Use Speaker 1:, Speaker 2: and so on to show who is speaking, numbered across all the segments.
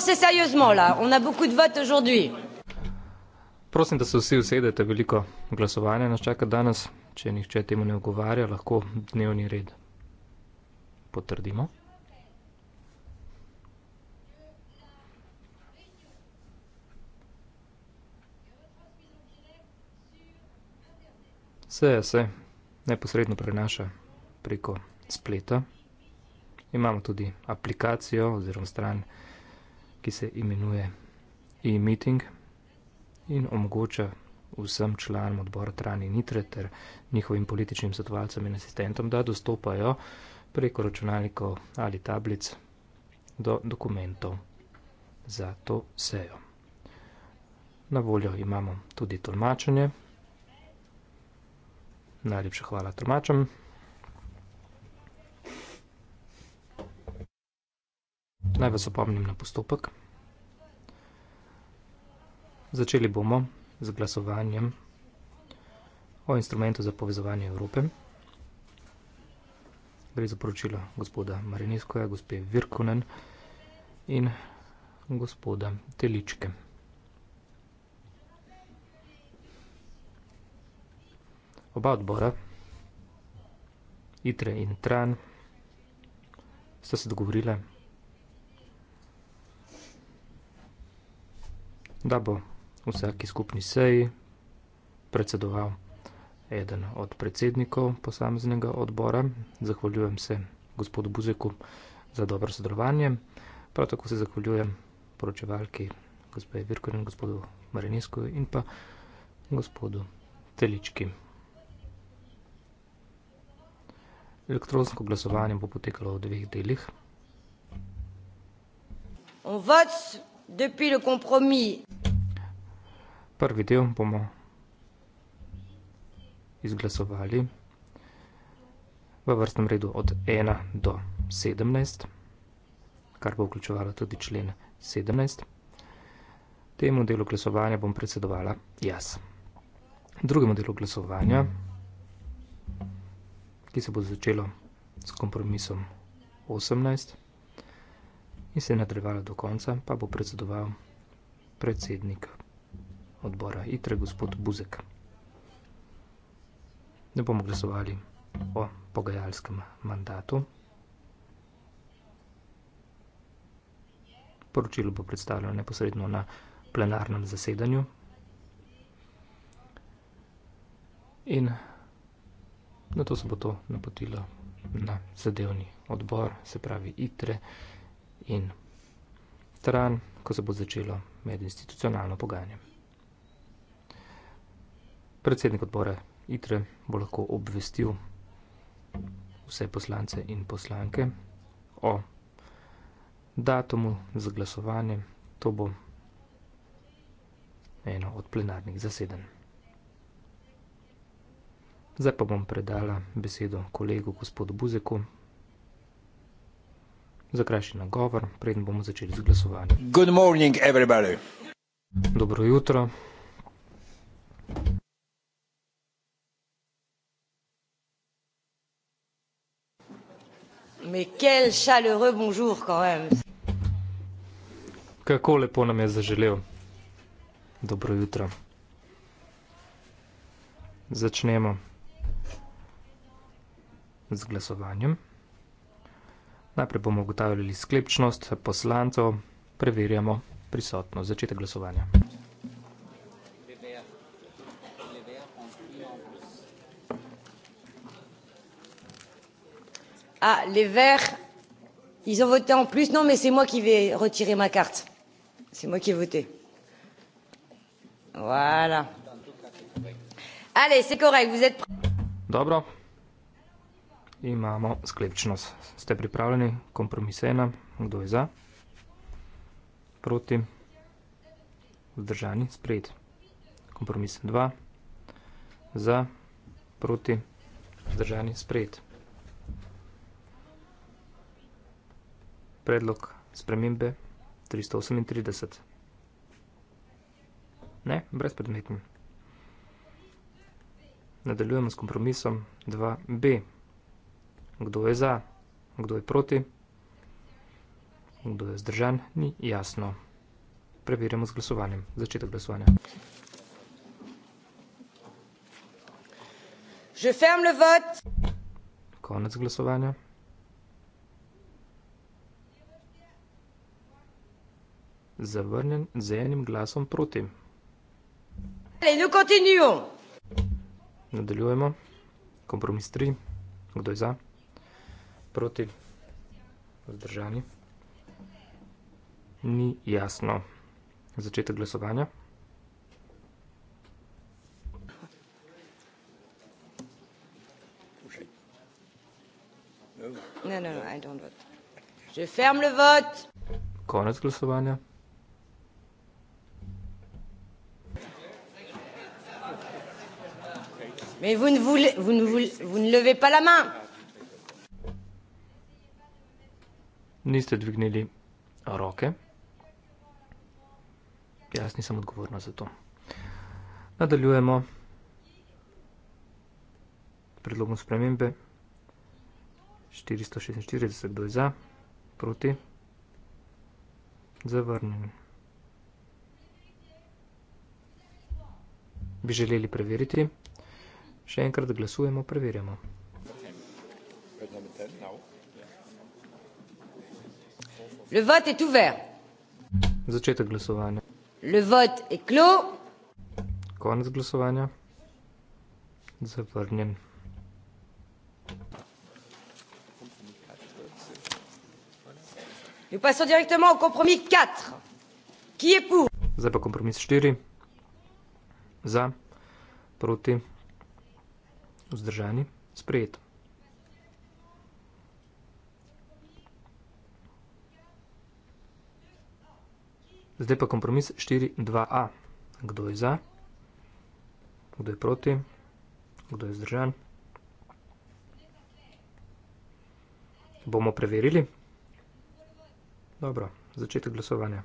Speaker 1: pensez sérieusement là, on a beaucoup de votes aujourd'hui.
Speaker 2: Prosim, da se vsi usedete, veliko glasovanja nas čaka danes. Če nihče temu ne ogovarja, lahko dnevni red potrdimo. Se se neposredno prenaša preko spleta. Imamo tudi aplikacijo oziroma stran ki se imenuje e-meeting in omogoča vsem članom odbora Trani Nitre ter njihovim političnim svetovalcem in asistentom, da dostopajo preko računalnikov ali tablic do dokumentov za to sejo. Na voljo imamo tudi tolmačenje. Najlepša hvala tolmačem. Naj vas opomnim na postopek. Začeli bomo z glasovanjem o instrumentu za povezovanje Evrope. Gre za poročilo gospoda Mariniskoja, gospe Virkonen in gospoda Teličke. Oba odbora, ITRE in TRAN, sta se dogovorila, da bo vsaki skupni seji predsedoval eden od predsednikov posameznega odbora. Zahvaljujem se gospodu Buzeku za dobro sodelovanje. Prav tako se zahvaljujem poročevalki gospodu Virkovi in gospodu Marinesku in pa gospodu Telički. Elektronsko glasovanje bo potekalo v dveh delih.
Speaker 1: On vote depuis le compromis.
Speaker 2: Prvi del bomo izglasovali v vrstnem redu od 1 do 17, kar bo vključevalo tudi člen 17. Temu delu glasovanja bom predsedovala jaz. Drugemu delu glasovanja, ki se bo začelo s kompromisom 18, in se je nadaljevala do konca, pa bo predsedoval predsednik odbora ITRE, gospod Buzek. Ne bomo glasovali o pogajalskem mandatu. Poročilo bo predstavljeno neposredno na plenarnem zasedanju. In na to se bo to napotilo na zadevni odbor, se pravi ITRE in teran, ko se bo začelo medinstitucionalno pogajanje. Predsednik odbora ITRE bo lahko obvestil vse poslance in poslanke o datumu za glasovanje. To bo eno od plenarnih zaseden. Zdaj pa bom predala besedo kolegu gospodu Buzeku za krajši nagovor, preden bomo začeli z glasovanjem. Dobro jutro. Kako lepo nam je zaželel. Dobro jutro. Začnemo z glasovanjem. Najprej bomo ugotavljali sklepčnost poslancev, preverjamo prisotnost. Začetek glasovanja.
Speaker 1: Ah, les verts, ils ont voté en plus. Non, mais c'est moi qui vais retirer ma carte. C'est moi qui ai voté. Voilà. Allez, c'est correct, vous êtes prêts.
Speaker 2: D'accord imamo sklepčnost. Ste pripravljeni? Kompromis ena. Kdo je za? Proti? Vzdržani? Sprejet. Kompromis dva. Za? Proti? Vzdržani? Sprejet. Predlog spremembe 338. Ne, brez predmetni. Nadaljujemo s kompromisom 2b kdo je za, kdo je proti, kdo je zdržan, ni jasno. Preverjamo z glasovanjem. Začetek glasovanja.
Speaker 1: Je ferme le vote.
Speaker 2: Konec glasovanja. Zavrnjen z enim glasom proti. Nadaljujemo. Kompromis 3. Kdo je za? proti vzdržani. Ni jasno. Začetek glasovanja.
Speaker 1: Ne, ne, ne, ne, ne, ne. Že ferm le vot.
Speaker 2: Konec glasovanja.
Speaker 1: Mais vous ne voulez, vous ne voulez, vous ne levez pas la main.
Speaker 2: niste dvignili roke. Jaz nisem odgovorna za to. Nadaljujemo predlogom spremembe 446, kdo je za, proti, zavrnjen. Bi želeli preveriti? Še enkrat glasujemo, preverjamo. Le vote est ouvert. Začetek glasovanja.
Speaker 1: Le vote est clos.
Speaker 2: Konec glasovanja. Zavrnjen.
Speaker 1: Nous passons directement au compromis 4. Qui est pour
Speaker 2: Zdaj pa kompromis 4. Za, proti, vzdržani, sprejeto. Zdaj pa kompromis 4-2-a. Kdo je za? Kdo je proti? Kdo je zdržan? Bomo preverili. Dobro, začetek glasovanja.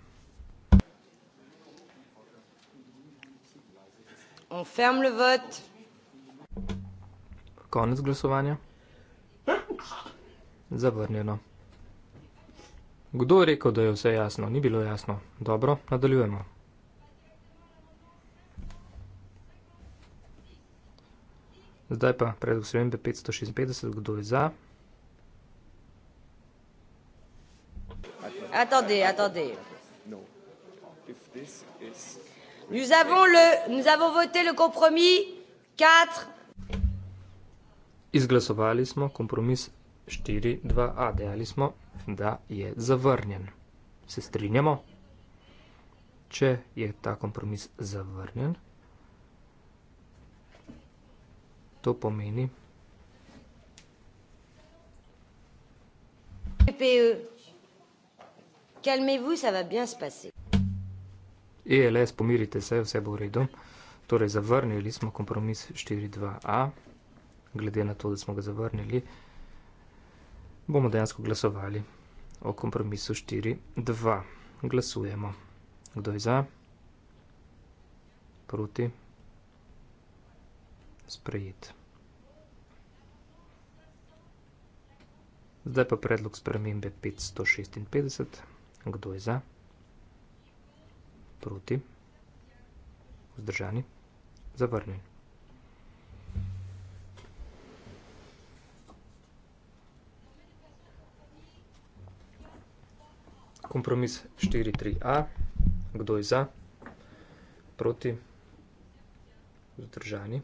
Speaker 2: Konec glasovanja. Zavrnjeno. Kdo je rekel, da je vse jasno? Ni bilo jasno. Dobro, nadaljujemo. Zdaj pa predlog sremenbe 556, kdo je za?
Speaker 1: Attendez, attendez. No. Nous avons, le, nous avons voté le compromis 4.
Speaker 2: Izglasovali smo kompromis 4-2-a, dejali smo da je zavrnjen. Se strinjamo? Če je ta kompromis zavrnjen, to pomeni, ELS, e, e pomirite se, vse bo v redu. Torej, zavrnili smo kompromis 4.2a, glede na to, da smo ga zavrnili bomo dejansko glasovali o kompromisu 4-2. Glasujemo. Kdo je za? Proti? Sprejet. Zdaj pa predlog spremembe 556. Kdo je za? Proti? Vzdržani? Zavrnjeni. kompromis 4-3-A. Kdo je za? Proti? Zdržani?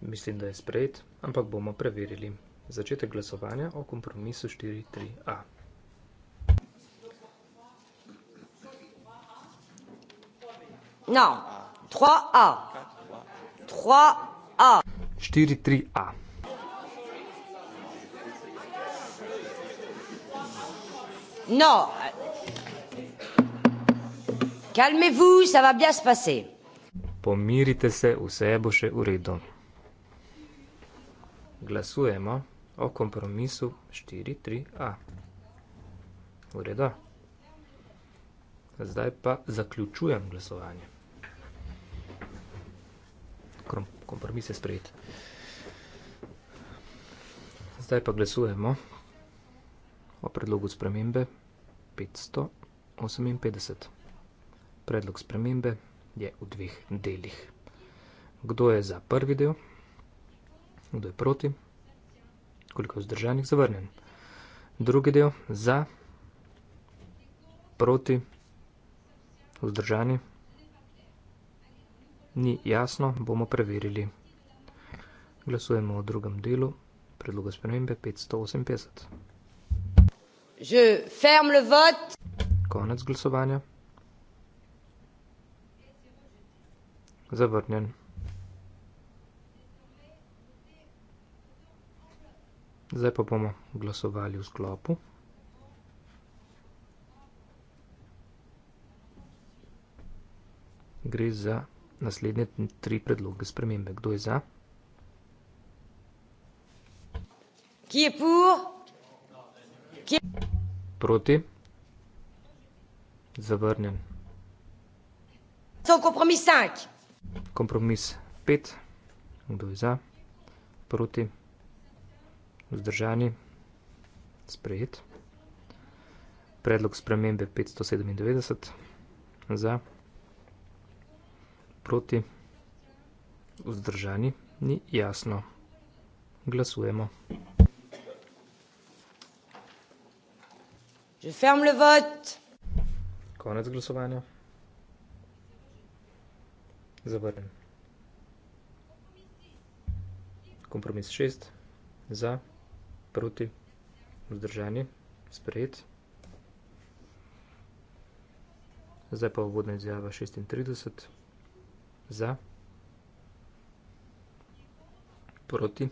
Speaker 2: Mislim, da je sprejet, ampak bomo preverili začetek glasovanja o kompromisu 4-3-A.
Speaker 1: Ne, 3-A. 3-A. 4-3-A. Non. Calmez-vous, ça va bien se passer.
Speaker 2: Pomirite se, vse bo še v redu. Glasujemo o kompromisu 4.3a. V redu. Zdaj pa zaključujem glasovanje. Kompromis je sprejet. Zdaj pa glasujemo o predlogu spremembe 558. Predlog spremembe je v dveh delih. Kdo je za prvi del, kdo je proti, koliko je vzdržanih, zavrnjen. Drugi del za, proti, vzdržani. Ni jasno, bomo preverili. Glasujemo o drugem delu predloga spremembe 558.
Speaker 1: Je ferme le vote.
Speaker 2: Konec glasovanja. Zavrnjen. Zdaj pa bomo glasovali v sklopu. Gre za naslednje tri predloge spremembe. Kdo je za?
Speaker 1: Kje je pur? Kje je pur?
Speaker 2: Proti. Zavrnjen. Kompromis pet. Kdo je za? Proti. Vzdržani. Sprejet. Predlog spremembe 597. Za. Proti. Vzdržani. Ni jasno. Glasujemo.
Speaker 1: Je ferme le vote.
Speaker 2: Konec glasovanja. Zavrnjen. Kompromis 6. Za, proti, vzdržani, sprejet. Zdaj pa uvodna izjava 36. Za, proti,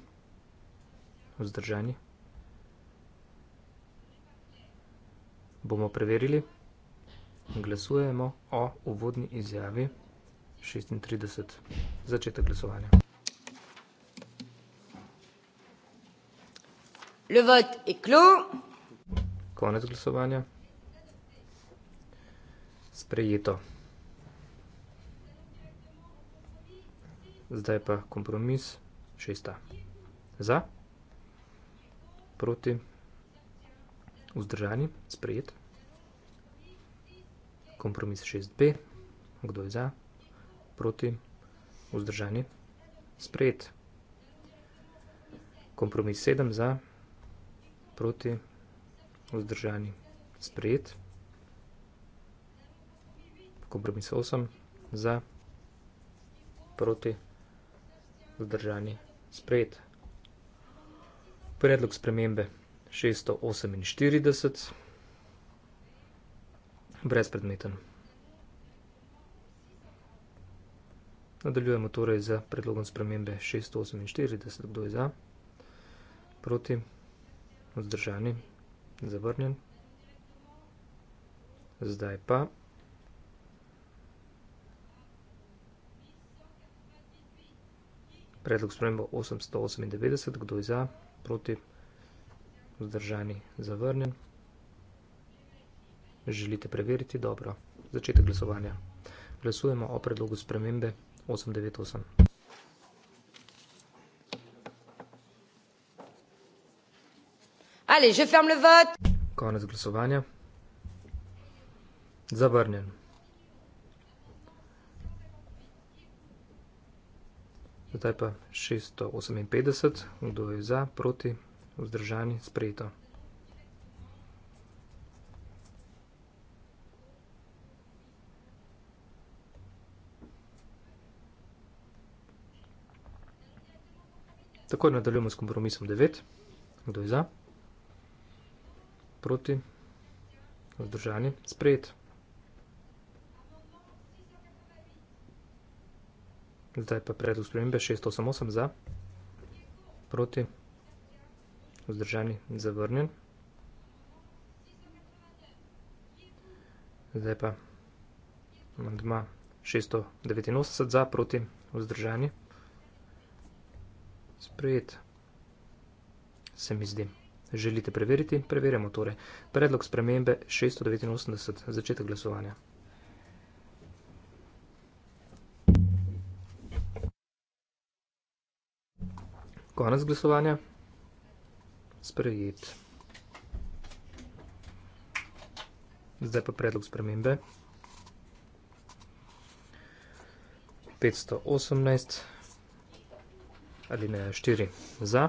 Speaker 2: vzdržani, sprejet. bomo preverili. Glasujemo o uvodni izjavi 36. Začetek glasovanja.
Speaker 1: Le vote est clos.
Speaker 2: Konec glasovanja. Sprejeto. Zdaj pa kompromis šesta. Za, proti, vzdržani, sprejeto kompromis 6b, kdo je za, proti, vzdržani, sprejet. Kompromis 7 za, proti, vzdržani, sprejet. Kompromis 8 za, proti, vzdržani, sprejet. Predlog spremembe 648 brezpredmeten. Nadaljujemo torej za predlogom spremembe 648, kdo je za, proti, vzdržani, zavrnjen. Zdaj pa. Predlog spremembo 898, kdo je za, proti, vzdržani, zavrnjen. Želite preveriti dobro? Začetek glasovanja. Glasujemo o predlogu spremembe 898.
Speaker 1: Allez, je ferme le vote.
Speaker 2: Konec glasovanja. Zavrnjen. Zdaj pa 658. Kdo je za, proti, vzdržani, sprejeto. Tako nadaljujemo s kompromisom 9. Kdo je za? Proti? Vzdržani? Sprejet. Zdaj pa predlog spremembe 688 za. Proti? Vzdržani? Zavrnjen. Zdaj pa mandma 689 za. Proti? Vzdržani? Zdržani? Sprejet. Se mi zdi. Želite preveriti? Preverjamo torej. Predlog spremembe 689. Začetek glasovanja. Konec glasovanja. Sprejet. Zdaj pa predlog spremembe. 518 ali ne 4 za,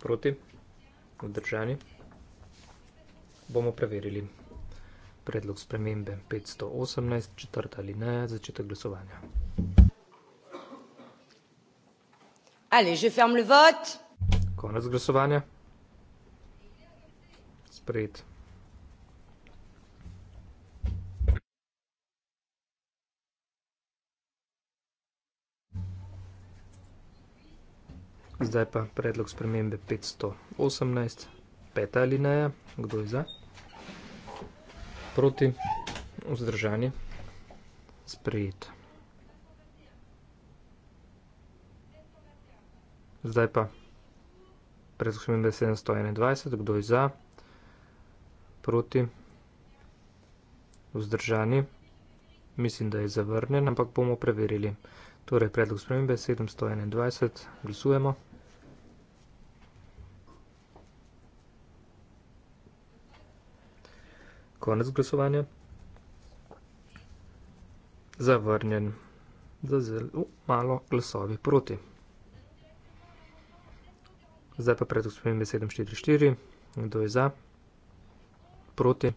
Speaker 2: proti, vdržani, bomo preverili predlog spremembe 518, četrta ali ne, začetek glasovanja.
Speaker 1: Allez, je ferme le vote.
Speaker 2: Konec glasovanja. Sprejeti. Zdaj pa predlog spremembe 518, peta alineja, kdo je za, proti, vzdržani, sprejet. Zdaj pa predlog spremembe 721, kdo je za, proti, vzdržani, mislim, da je zavrnjen, ampak bomo preverili. Torej, predlog spremembe 721, glasujemo. Konec glasovanja. Zavrnjen. Za zelo uh, malo glasovi proti. Zdaj pa pred uspemi 744. Kdo je za? Proti.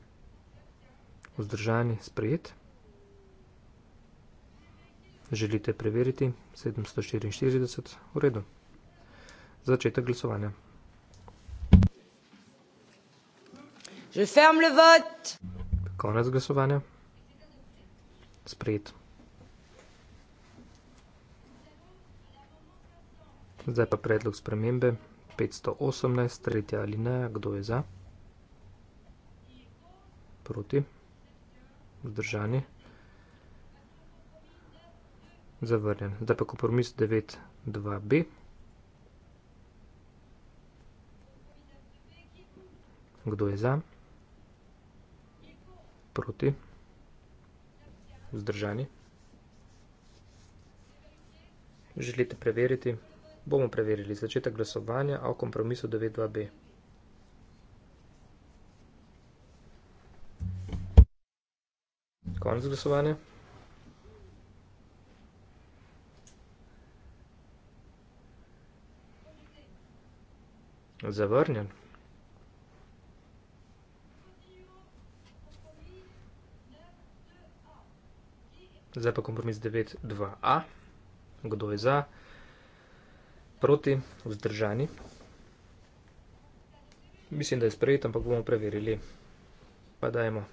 Speaker 2: Vzdržani. Sprejet. Želite preveriti? 744. V redu. Začetek glasovanja.
Speaker 1: Je ferme le vote.
Speaker 2: Konec glasovanja. Sprejet. Zdaj pa predlog spremembe. 518, tretja alineja. Kdo je za? Proti. Vzdržani. Zavrnjen. Zdaj pa kompromis 9.2b. Kdo je za? Proti proti, vzdržani. Želite preveriti? Bomo preverili začetek glasovanja o kompromisu 9.2b. Konec glasovanja. Zavrnjen. Zdaj pa kompromis 9.2a. Kdo je za? Proti? Vzdržani? Mislim, da je sprejet, ampak bomo preverili. Pa dajmo.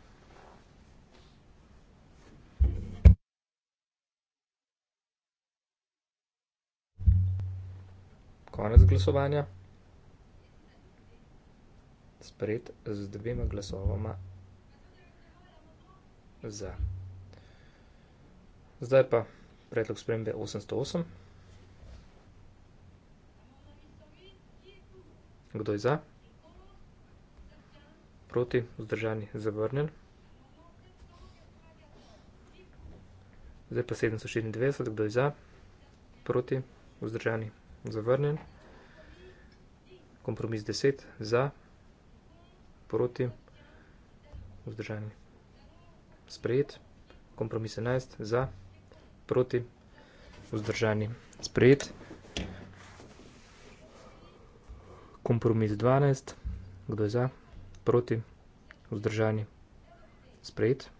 Speaker 2: Konec glasovanja. Sprejet z dvema glasovoma za. Zdaj pa predlog spremembe 808. Kdo je za? Proti, vzdržani, zavrnjen. Zdaj pa 794, kdo je za? Proti, vzdržani, zavrnjen. Kompromis 10, za, proti, vzdržani, sprejet. Kompromis 11, za, proti proti, vzdržani, sprejet. Kompromis 12, kdo je za, proti, vzdržani, sprejet.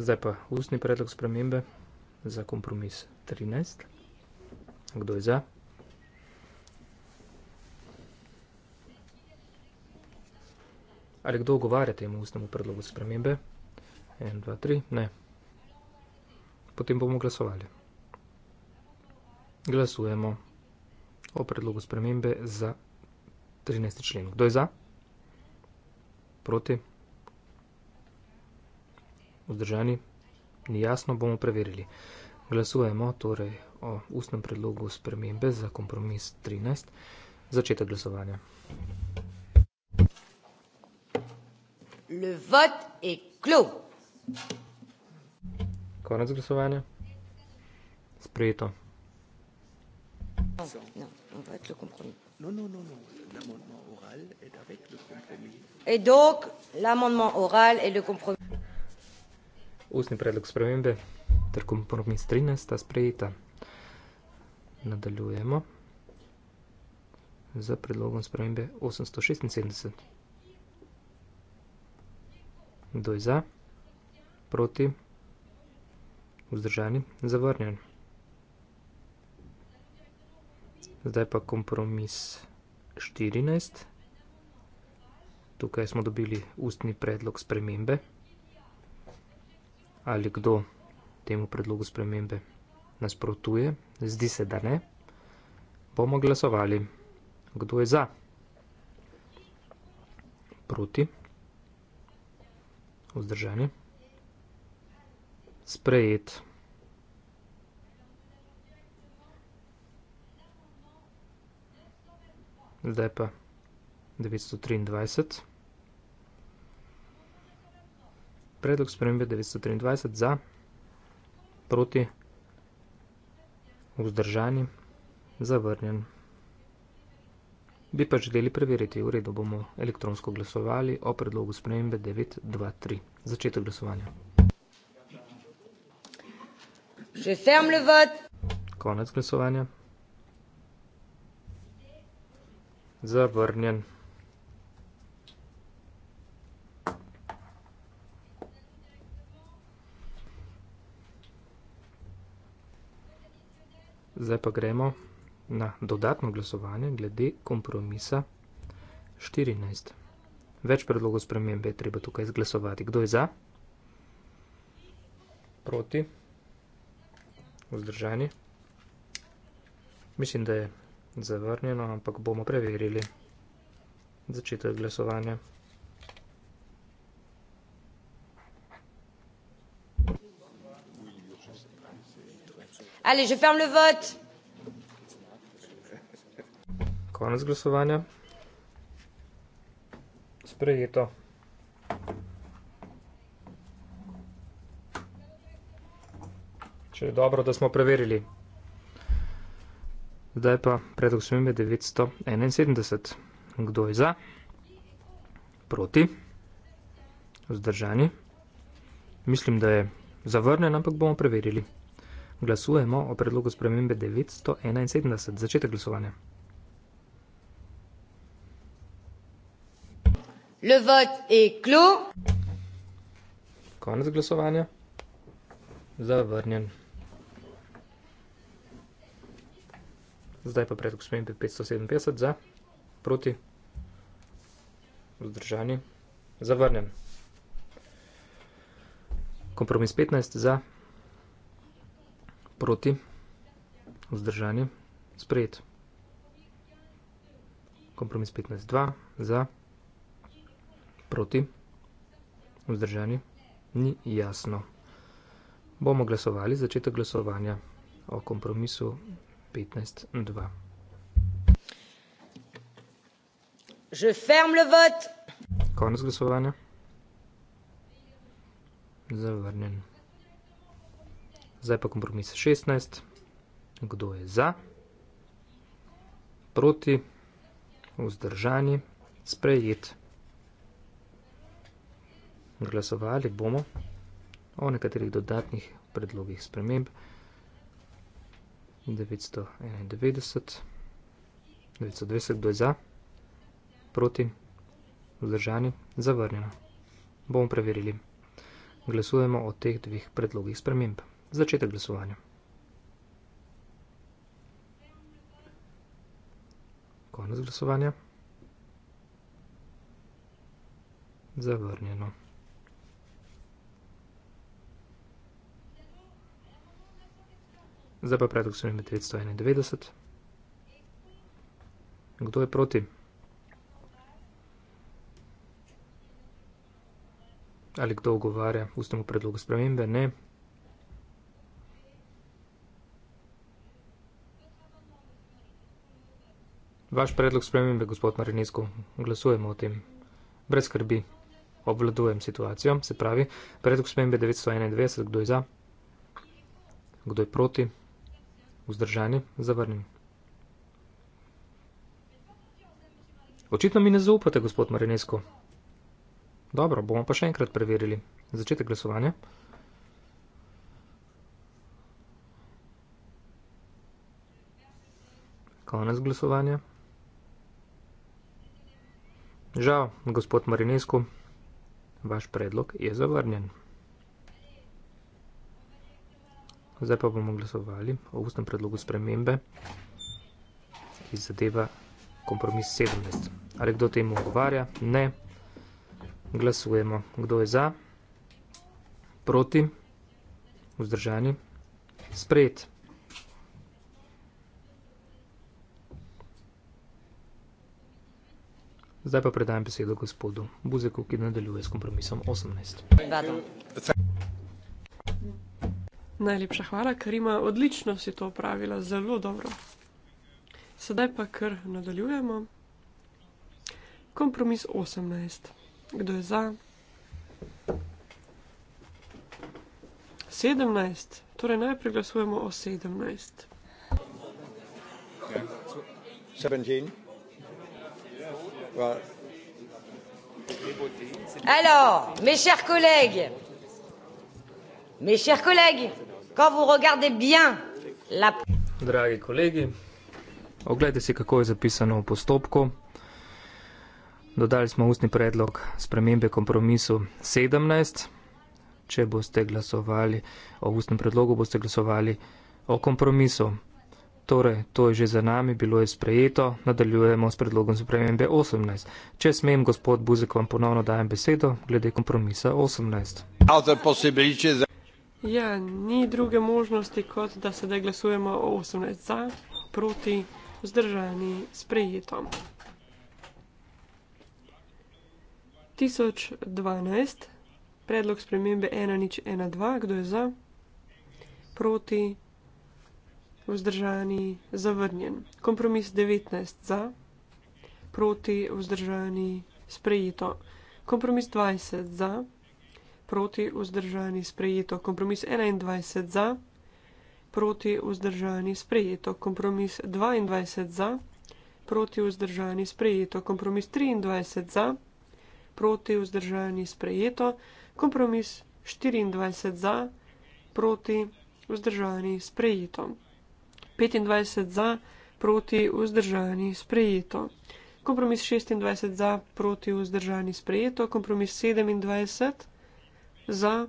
Speaker 2: Zdaj pa ustni predlog spremembe za kompromis 13, kdo je za. Ali kdo ogovarja temu ustnemu predlogu spremembe? 1, 2, 3, ne potem bomo glasovali. Glasujemo o predlogu spremembe za 13. člen. Kdo je za? Proti? Vzdržani? Ni jasno, bomo preverili. Glasujemo torej o ustnem predlogu spremembe za kompromis 13. Začetek glasovanja.
Speaker 1: Le vote est clos
Speaker 2: konec glasovanja. Sprejeto. No, no, no, Ustni predlog spremembe, ter kompromis 13, sta sprejeta. Nadaljujemo z predlogom spremembe 876. Kdo je za? Proti? vzdržani, zavrnjen. Zdaj pa kompromis 14. Tukaj smo dobili ustni predlog spremembe. Ali kdo temu predlogu spremembe nasprotuje? Zdi se, da ne. Bomo glasovali. Kdo je za? Proti. Vzdržanje sprejet. Zdaj pa 923. Predlog spremembe 923 za, proti, vzdržani, zavrnjen. Bi pa želeli preveriti, v redu bomo elektronsko glasovali o predlogu spremembe 923. Začetek glasovanja.
Speaker 1: Je ferme le vote.
Speaker 2: Konec glasovanja. Zavrnjen. Zdaj pa gremo na dodatno glasovanje glede kompromisa 14. Več predlogov spremembe je treba tukaj izglasovati. Kdo je za? Proti? vzdrženi. Mislim, da je zavrnjeno, ampak bomo preverili začetek glasovanja.
Speaker 1: Allez, je ferm le vote.
Speaker 2: Konec glasovanja. Sprejeto. Še je dobro, da smo preverili. Zdaj pa predlog smembe 971. Kdo je za? Proti? Vzdržani? Mislim, da je zavrnen, ampak bomo preverili. Glasujemo o predlogu spremembe 971. Začete glasovanje.
Speaker 1: Le vote je klo.
Speaker 2: Konec glasovanja. Zavrnjen. Zdaj pa predlog spremembe 557 za, proti, vzdržani, zavrnjen. Kompromis 15 za, proti, vzdržani, sprejet. Kompromis 15 2 za, proti, vzdržani, ni jasno. Bomo glasovali, začetek glasovanja o kompromisu 15. 15-2.
Speaker 1: Je ferme le vote.
Speaker 2: Konec glasovanja. Zavrnjen. Zdaj pa kompromis 16. Kdo je za? Proti? Vzdržani? Sprejet? Glasovali bomo o nekaterih dodatnih predlogih sprememb. 991, 920 kdo je za, proti, vzdržani, zavrnjeno. Bomo preverili. Glasujemo o teh dveh predlogih sprememb. Začetek glasovanja. Konec glasovanja. Zavrnjeno. Zdaj pa predlog se mi med 991. Kdo je proti? Ali kdo ogovarja ustemu predlogu spremembe? Ne. Vaš predlog spremembe, gospod Marinesko, glasujemo o tem. Brez skrbi obvladujem situacijo, se pravi, predlog spremembe 991, kdo je za, kdo je proti vzdržani, zavrnjen. Očitno mi ne zaupate, gospod Marinesko. Dobro, bomo pa še enkrat preverili. Začetek glasovanja. Konec glasovanja. Žal, gospod Marinesko, vaš predlog je zavrnjen. Zdaj pa bomo glasovali o ustnem predlogu spremembe, ki zadeva kompromis 17. Ali kdo temu odgovarja? Ne. Glasujemo. Kdo je za? Proti? Vzdržani? Sprejet. Zdaj pa predajam besedo gospodu Buzeku, ki nadaljuje s kompromisom 18. Vado.
Speaker 3: Najlepša hvala, Karima. Odlično si to opravila, zelo dobro. Sedaj pa kar nadaljujemo. Kompromis 18. Kdo je za? 17. Torej najprej glasujemo o 17. 17.
Speaker 1: Alors, mes chers collègues, mes chers collègues,
Speaker 2: Dragi kolegi, oglejte si, kako je zapisano v postopku. Dodali smo ustni predlog spremembe kompromisu 17. Če boste glasovali o ustnem predlogu, boste glasovali o kompromisu. Torej, to je že za nami, bilo je sprejeto, nadaljujemo s predlogom spremembe 18. Če smem, gospod Buzek, vam ponovno dajem besedo glede kompromisa
Speaker 1: 18.
Speaker 3: Ja, ni druge možnosti, kot da sedaj glasujemo 18 za, proti, vzdržani, sprejeto. 1012, predlog spremembe 1012, kdo je za, proti, vzdržani, zavrnjen. Kompromis 19 za, proti, vzdržani, sprejeto. Kompromis 20 za, proti, vzdržani, sprejeto. Kompromis 21 za, proti, vzdržani, sprejeto. Kompromis 22 za, proti, vzdržani, sprejeto. Kompromis 23 za, proti, vzdržani, sprejeto. Kompromis 24 za, proti, vzdržani, sprejeto. 25 za, proti, vzdržani, sprejeto. Kompromis 26 za, proti, vzdržani, sprejeto. Kompromis 27 za, za,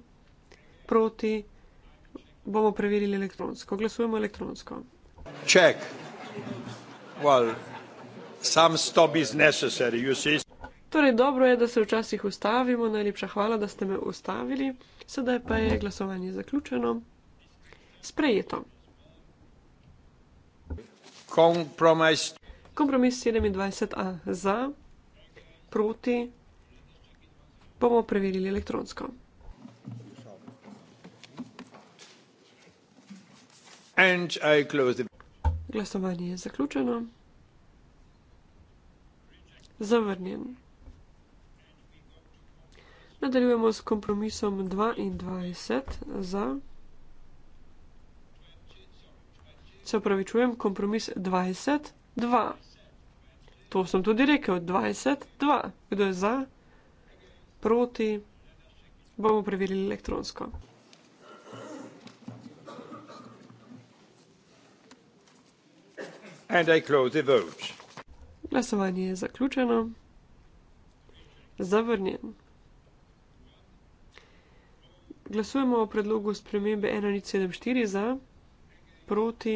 Speaker 3: proti, bomo preverili elektronsko. Glasujemo elektronsko. Ček.
Speaker 1: Well, some stop is necessary, you see.
Speaker 3: Torej, dobro je, da se včasih ustavimo. Najlepša hvala, da ste me ustavili. Sedaj pa je glasovanje zaključeno. Sprejeto.
Speaker 1: Kompromis.
Speaker 3: Kompromis 27a za, proti, bomo preverili elektronsko. Glasovanje je zaključeno. Zavrnjen. Nadaljujemo s kompromisom 22 za. Se pravi, čujem kompromis 20, 2. To sem tudi rekel, 20, 2. Kdo je za, proti, bomo preverili elektronsko.
Speaker 1: And I close the vote.
Speaker 3: Glasovanje je zaključeno. Zavrnjen. Glasujemo o predlogu spremembe 1.74 za, proti.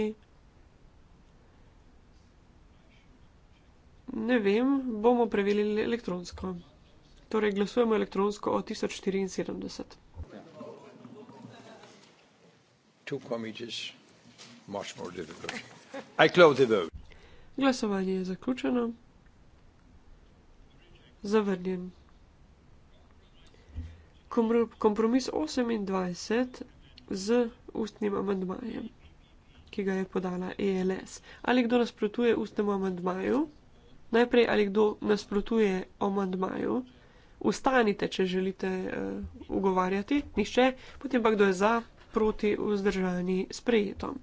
Speaker 3: Ne vem, bomo preverili elektronsko. Torej, glasujemo elektronsko o 1074.
Speaker 1: Two committees, much more difficult. I close the vote.
Speaker 3: Glasovanje je zaključeno. Zavrnjen. Kompromis 28 z ustnim amandmajem, ki ga je podala ELS. Ali kdo nasprotuje ustnemu amandmaju? Najprej, ali kdo nasprotuje amandmaju? Ustanite, če želite uh, ugovarjati, nišče, potem pa kdo je za, proti, vzdržani, sprejetom.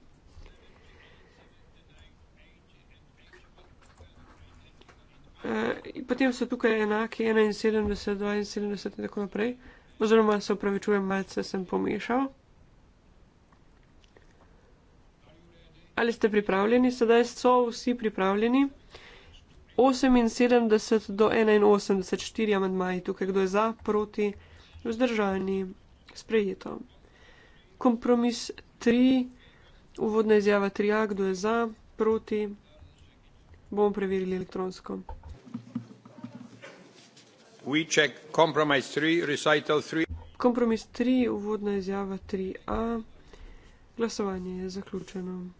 Speaker 3: Eh, potem so tukaj enaki 71, 72 in tako naprej. Oziroma se upravičujem, malce sem pomešal. Ali ste pripravljeni? Sedaj so vsi pripravljeni. 78 do 81, 4 amantmaji tukaj, kdo je za, proti, vzdržani, sprejeto. Kompromis 3, uvodna izjava 3a, kdo je za, proti, bomo preverili elektronsko. Kompromis 3, uvodna izjava 3a. Glasovanje je zaključeno.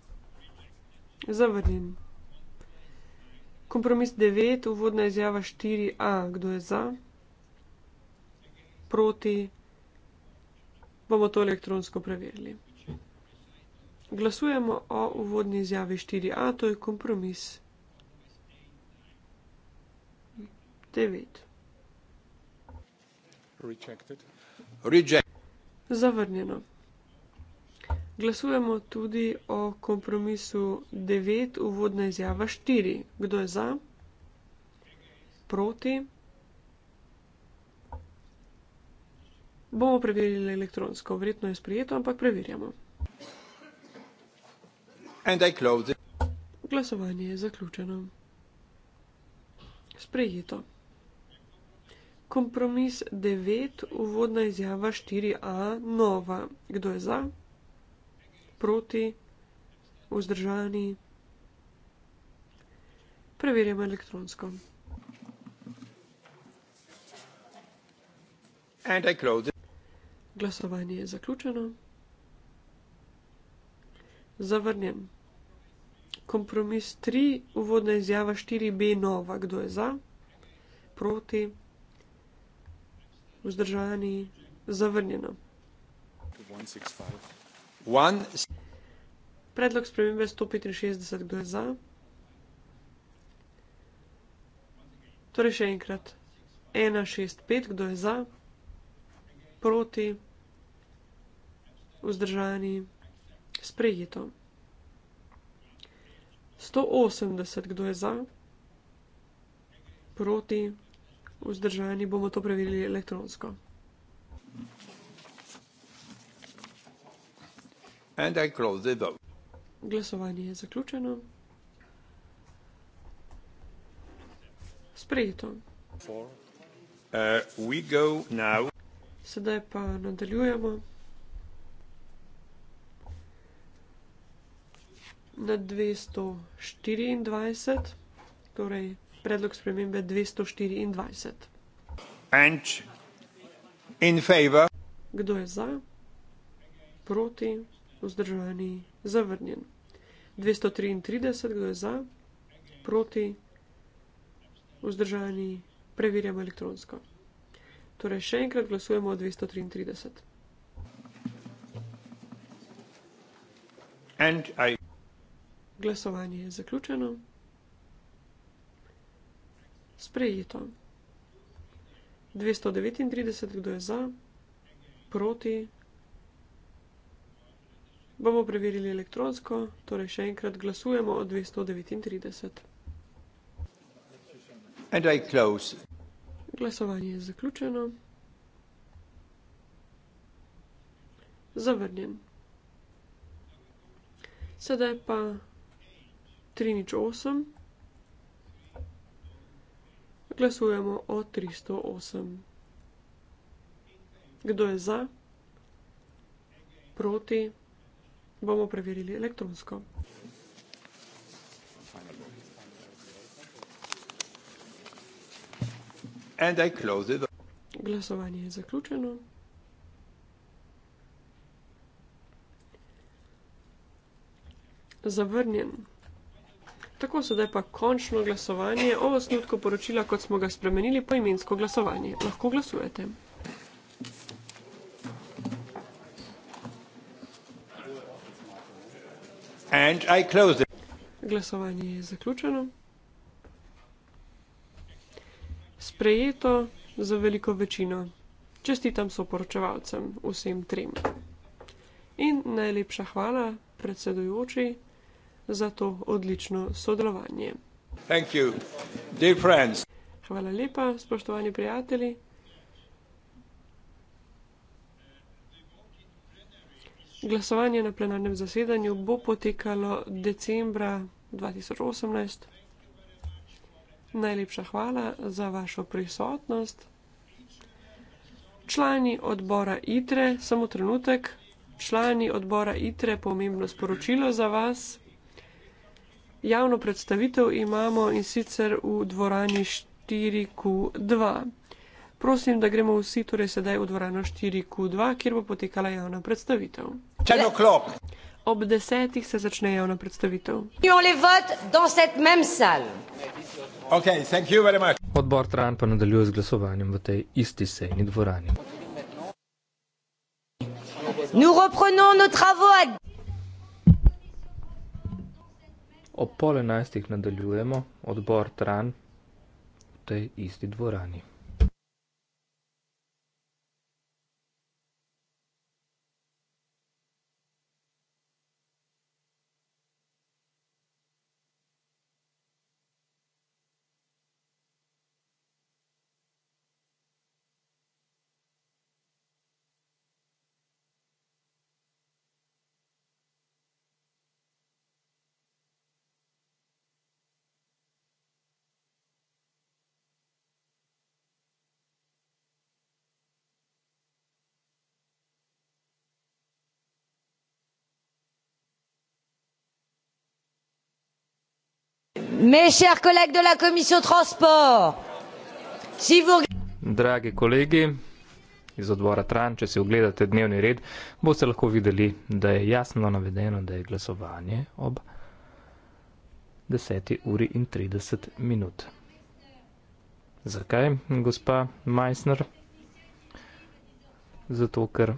Speaker 3: Zavrnjen. Kompromis 9, uvodna izjava 4a. Kdo je za? Proti? Bomo to elektronsko preverili. Glasujemo o uvodni izjavi 4a, to je kompromis 9. Zavrnjeno. Glasujemo tudi o kompromisu 9, uvodna izjava 4. Kdo je za? Proti? Bomo preverili elektronsko. Verjetno je sprijeto, ampak preverjamo. Glasovanje je zaključeno. Sprejeto kompromis 9, uvodna izjava 4a, nova. Kdo je za, proti, vzdržani? Preverjamo elektronsko. Glasovanje je zaključeno. Zavrnjen. Kompromis 3, uvodna izjava 4b, nova. Kdo je za, proti, vzdržani? vzdržani zavrnjeno. Predlog spremembe 165 gre za. Torej še enkrat. 165, kdo je za, proti, vzdržani, sprejeto. 180, kdo je za, proti, vzdržani vzdržani, bomo to preverili elektronsko. Glasovanje je zaključeno. Sprejeto. Uh, Sedaj pa nadaljujemo. Na 224, torej predlog spremembe 224. Kdo je za, proti, vzdržani, zavrnjen? 233, kdo je za, proti, vzdržani, preverjamo elektronsko. Torej, še enkrat glasujemo o 233. I... Glasovanje je zaključeno. Sprejeto. 239, kdo je za, proti. Bomo preverili elektronsko, torej še enkrat glasujemo o 239. Glasovanje je zaključeno. Zavrnjen. Sedaj pa 3 nič 8. Glasujemo o 308. Kdo je za? Proti? Bomo preverili elektronsko. Glasovanje je zaključeno. Zavrnjen. Tako sedaj pa končno glasovanje o osnutku poročila, kot smo ga spremenili po imensko glasovanje. Lahko glasujete. Glasovanje je zaključeno. Sprejeto za veliko večino. Čestitam soporočevalcem, vsem trem. In najlepša hvala predsedujoči za to odlično sodelovanje. Hvala lepa, spoštovani prijatelji. Glasovanje na plenarnem zasedanju bo potekalo decembra 2018. Najlepša hvala za vašo prisotnost. Člani odbora ITRE, samo trenutek, člani odbora ITRE, pomembno sporočilo za vas. Javno predstavitev imamo in sicer v dvorani 4Q2. Prosim, da gremo vsi torej sedaj v dvorano 4Q2, kjer bo potekala javna predstavitev. Čaj do klop! Ob desetih se začne javna predstavitev.
Speaker 2: Okay, Odbor Trajan pa nadaljuje z glasovanjem v tej isti sejni dvorani. Ob pol enajstih nadaljujemo odbor Tran v tej isti dvorani.
Speaker 1: Mes chers collègues de la commission transport, si vous...
Speaker 2: Dragi kolegi iz odbora Tran, če si ogledate dnevni red, boste lahko videli, da je jasno navedeno, da je glasovanje ob 10. uri in 30 minut. Zakaj, gospa Meissner? Zato, ker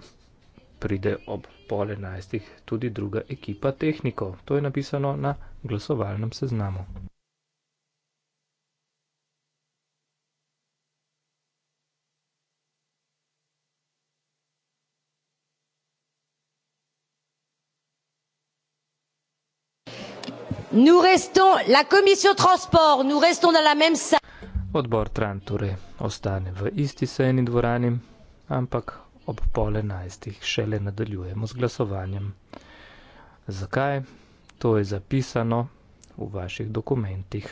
Speaker 2: pride ob pol enajstih tudi druga ekipa tehnikov. To je napisano na glasovalnem seznamu.
Speaker 1: Nous restons la commission transport, nous restons dans la même salle.
Speaker 2: Odbor Trant torej ostane v isti sejni dvorani, ampak ob pol enajstih šele nadaljujemo z glasovanjem. Zakaj? To je zapisano v vaših dokumentih.